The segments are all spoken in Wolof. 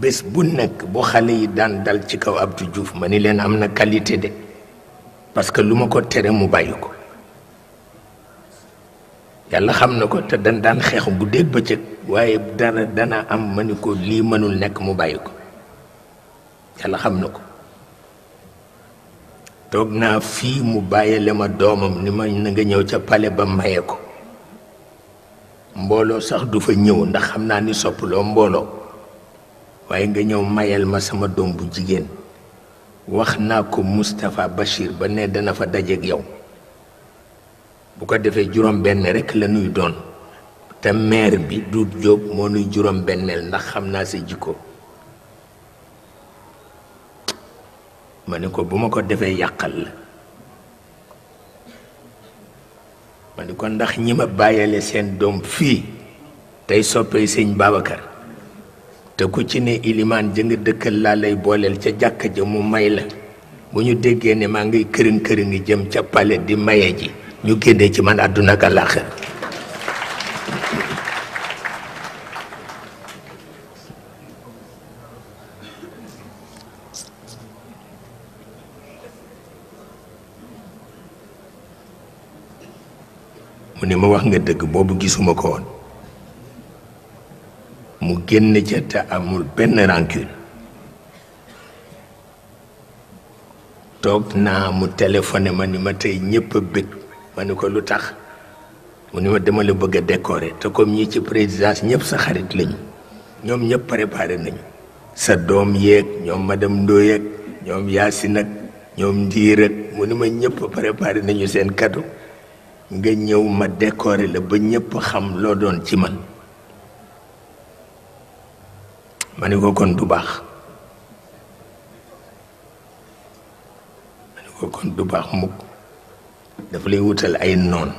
bés bu nekk bu xale yi daan dal ci kaw ab Abdou juuf ma ni leen am na qualité de parce que lu ma ko tere mu bàyyi ko yàlla xam na ko te dan daan xeex guddeeg bëccëg waaye dana dana am ma ko lii mënul nekk mu bàyyi ko yàlla xam na ko toog naa fii mu bàyyile ma doomam ni ma na nga ñëw ca pale ba maye ko mbooloo sax du fa ñëw ndax xam naa ni soppaloo mbooloo waaye nga ñëw mayal ma sama doom bu jigéen wax naa ko Moustapha Bachir ba ne dana fa dajeeg yow bu ko defee juróom benn rekk la nuy doon te maire bi du jóob moo nuy juróom benneel ndax xam naa sa jikko ma ne ko bu ma ko defee yàqal la ma ne ko ndax ñi ma bàyyale seen doom fii tey soppee sëñ Babacar te ku ci ne ilimaan jëng dëkkal laa lay booleel ca jàkka ja mu may la bu ñu déggee ne maa ngi kërin kërin ngi jëm ca pale di maye ji ñu génnee ci man àdduna ak àllaaxira mu ne ma wax nga dëgg boobu gisuma ko woon mu génn ca te amul benn rancune toog naa mu téléphoné ma ni ma tey ñëpp a bëgg ma ni ko lu tax mu ni ma dama la bëgg a décorer te comme ñi ci présidence ñëpp sa xarit lañu ñoom ñëpp préparé nañu sa doom yeeg ñoom madame Ndoye ak ñoom Yacine ak ñoom Ndiir ak mu ni ma ñëpp préparé nañu seen cadeau nga ñëw ma décorer la ba ñëpp xam loo doon ci man Je ne ko kon du homme. muk, ne ko lay woutal ay non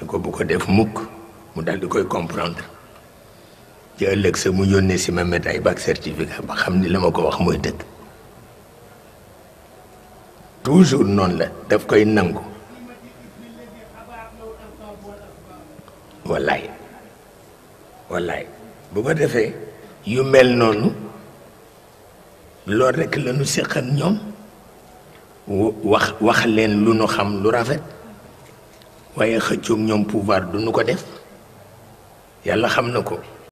je bu ko def mu comprendre ci Je sa mu yónnee si ma médaille un certificat ba xam ni ko wax mooy dëgg toujours non, la daf koy bu ko defee yu mel noonu loolu rekk la ñu séq ak ñoom wax wax leen lu nu xam lu rafet waaye xëccoog ñoom pouvoir du nu ko def yàlla xam na ko